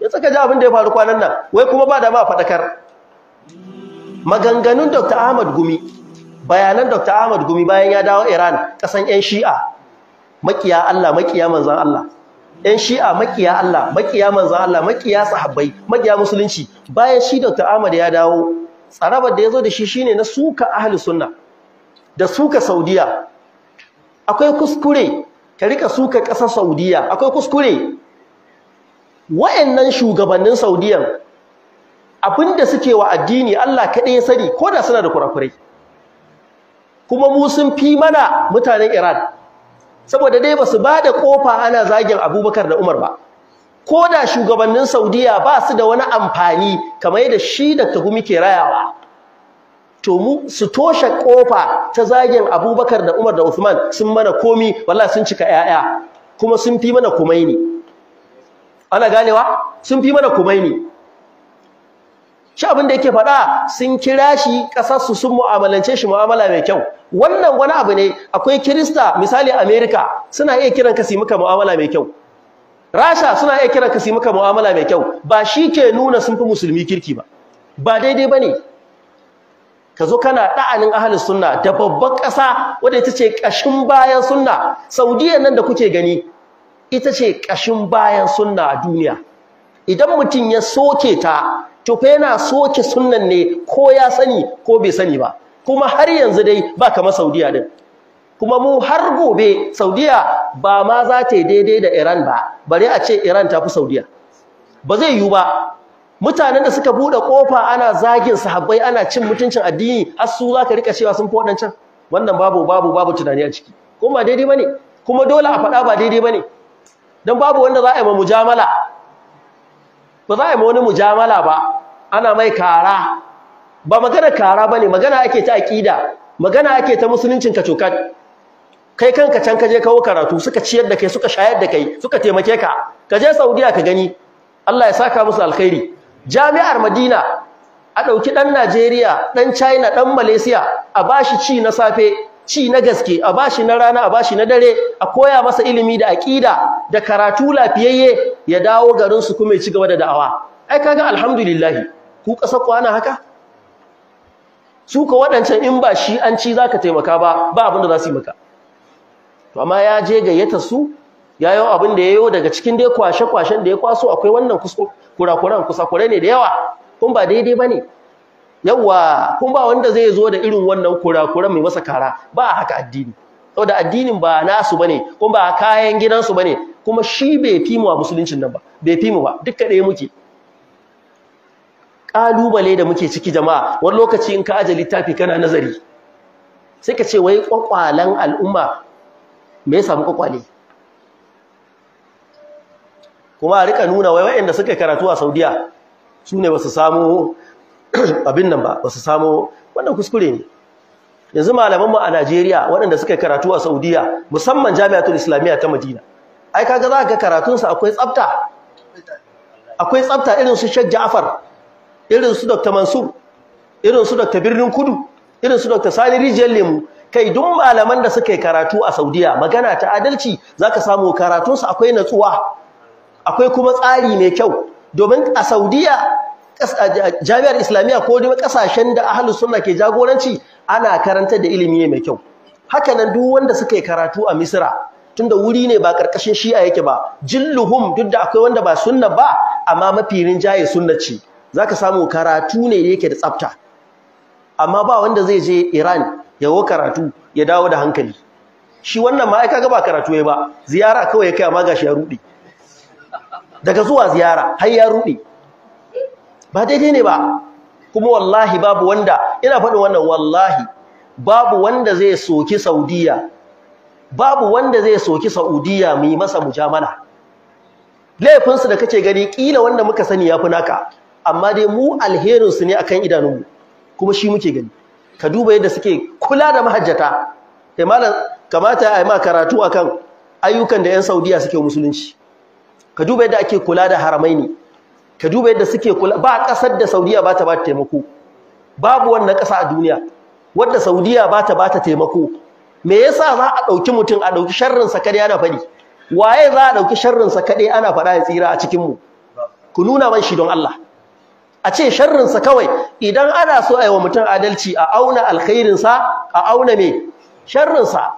ya tsaka ji abin da ya faru kwanan nan wai kuma ba da ma faɗakar maganganun dr ahmad gumi bayanan dr ahmad gumi bayan ya dawo iran ƙasan 'yan shi'a makiya allah makiya manzan allah 'yan shi'a makiya allah makiya manzan allah makiya sahabbai makiya musulunci bayan shi dr ahmad ya dawo tsarabar da ya zo da shi shine na suka ahli sunna da suka saudiya akwai kuskure ka rika suka ƙasa saudiya akwai kuskure wayannan shugabannin saudiyan abinda suke wa addini Allah kaɗai ya sani ko da suna da kurakurai kuma mu sun fi mana mutanen Iran saboda dai basu su ba da ƙofa ana zagin Abubakar da Umar ba ko da shugabannin Saudiya ba su da wani amfani kamar yadda shi da Gumi ke rayawa to mu su toshe ƙofa ta zagin Abubakar da Umar da Usman sun mana komi wallahi sun cika 'ya'ya kuma sun fi mana komai ne ana ganewa sun fi mana kumaini shi abin da yake faɗa sun kira shi ƙasarsu sun mu'amalance shi mu'amala mai kyau wannan wani abu ne akwai kirista misali america suna iya kiran ka muka mu'amala mai kyau rasha suna iya kiran ka su muka mu'amala mai kyau ba shi ke nuna sun fi musulmi kirki ba ba daidai ba ne ka zo kana ɗa'anin ahalin sunna da babban ƙasa wadda ita ce ƙashin bayan sunna saudiya nan da kuke gani ita ce ƙashin bayan sunna a duniya idan mutum ya soke ta to fa yana soke sunnan ne ko ya sani ko bai sani ba kuma har yanzu dai ba kamar Saudiya din kuma mu har gobe Saudiya ba ma za ta yi daidai da Iran ba bare a ce Iran ta fi Saudiya ba zai yiwu ba mutanen da suka buɗe ƙofa ana zagin sahabbai ana cin mutuncin addini har su za ka rika cewa sun fi waɗancan wannan babu babu babu tunani a ciki kuma daidai bane kuma dole a faɗa ba daidai bane don babu wanda za a yi ma mujamala ba za a yi ma wani mujamala ba ana mai kara ba magana kara ba ne magana ake ta aƙida magana ake ta musuluncin kacokat kai kanka can kaje kawo karatu suka ciyar da kai suka shayar da kai suka taimake ka ka je saudiya ka gani allah ya saka musu alkhairi jami'ar madina a ɗauki ɗan najeriya ɗan china ɗan malaysia a ba shi ci na safe ci na gaske a bashi na rana a bashi na dare a koya masa ilimi da aqida da karatu lafiyayye ya dawo garin su kuma ya ci gaba da da'awa ai kaga alhamdulillah ku kasa kwana haka su ka waɗancan in ba shi an ci zaka taimaka ba ba abin da za su yi maka to amma ya je gayyata su yayo abin da yayo daga cikin dai kwashe kwashen da ya kwaso akwai wannan kusa kurakuran kusa kure ne da yawa kun ba daidai bane yawa kun ba wanda zai zo da irin wannan kurakura mai masa kara ba haka addini saboda addinin ba nasu bane kuma ba kayan gidansu bane kuma shi bai fi mu a musuluncin nan ba bai fi mu ba dukkan ɗaya muke kalubale da muke ciki jama'a wani lokaci in ka aje littafi kana nazari sai ka ce wai kwakwalan al'umma me ya samu kwakwale kuma a rika nuna wai waɗanda suka karatu a Saudiya su ne ba su samu abin nan ba ba su samo wannan kuskure ne yanzu malamanmu a Najeriya waɗanda suka karatu a Saudiya musamman Jami'atul Islamiyya ta Madina ai kaga za ka karatun su akwai tsafta akwai tsafta irin su Sheikh Ja'far irin su Dr. Mansur irin su Dr. Birnin Kudu irin su Dr. Sani Rijiyar Lemu kai duk malaman da suka karatu a Saudiya magana ta adalci zaka samu karatun su akwai natsuwa akwai kuma tsari mai kyau domin a Saudiya jami'ar islamiyya ko dai kasashen da ahalus suna ke jagoranci ana karanta da ilimi mai kyau Hakanan nan duk wanda suka yi karatu a misra tunda wuri ne ba karkashin shi'a yake ba jilluhum duk da akwai wanda ba sunna ba amma mafi rinjaye sunna ce ka samu karatu ne yake da tsafta amma ba wanda zai je Iran ya wo karatu ya dawo da hankali shi wannan ma ai gaba ba karatu ya ba ziyara kawai ya kai amma gashi ya rudi daga zuwa ziyara har ya rudi ba daidai ne ba kuma wallahi babu wanda ina faɗin wannan wallahi babu wanda zai soki Saudiya babu wanda zai soki Saudiya mu yi masa mujamala laifin su da kace gani kila wanda muka sani ya fi naka amma dai mu alherin su ne akan idanunmu kuma shi muke gani ka duba yadda suke kula da mahajjata kai eh, malam kamata ai ma karatu akan ayyukan da 'yan Saudiya suke musulunci ka duba yadda ake kula da haramai ne ka duba yadda suke kula ba kasar da Saudiya ba ta ba ta taimako babu wannan ƙasa a duniya wadda Saudiya ba ta ba ta taimako me yasa za a ɗauki mutum a ɗauki sharrin sa kadai ana faɗi waye za a ɗauki sharrin sa kadai ana faɗa ya tsira a cikin mu ku nuna man shi don Allah a ce sharrin sa kawai idan ana so a yi wa mutum adalci a auna alkhairin sa a auna me sharrin sa